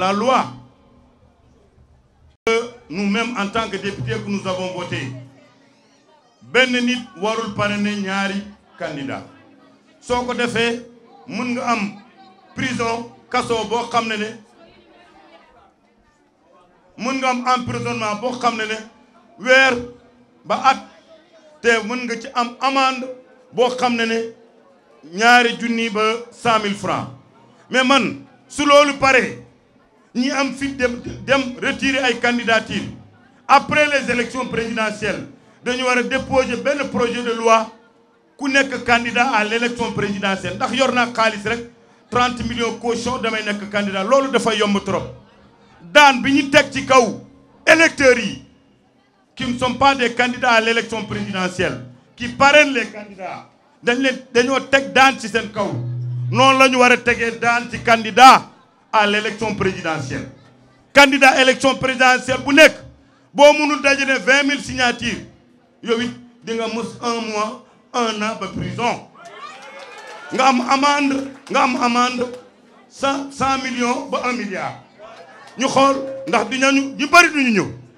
la loi que nous-mêmes en tant que députés que nous avons voté benn nit warul parrainer ñaari candidat Soko défé mën nga am prison kasso bo xamné né mën nga am emprisonnement bo xamné né ne ba at te mën nga ci am amende bo xamné né ñaari junni ba 100000 francs mais man su lolu paré nous avons fait retirer les candidatures. après les élections présidentielles Nous avons déposé déposer bel projet de loi pour être candidat à l'élection présidentielle ndax avons 30 millions caution damay être candidat loolu dafa yomb trop daan bi ñu teg ci kaw électeurs yi qui ne sont pas des candidats à l'élection présidentielle qui parrainent les candidats Nous avons dañoo des daan ci seen kaw noonu la à l'élection présidentielle candidat à l'élection présidentielle bu on boo mënul 000 signatures Yo avez un mois un an de prison nga am amende nga am millions ba un milliard Nous xool ndax ñu nous.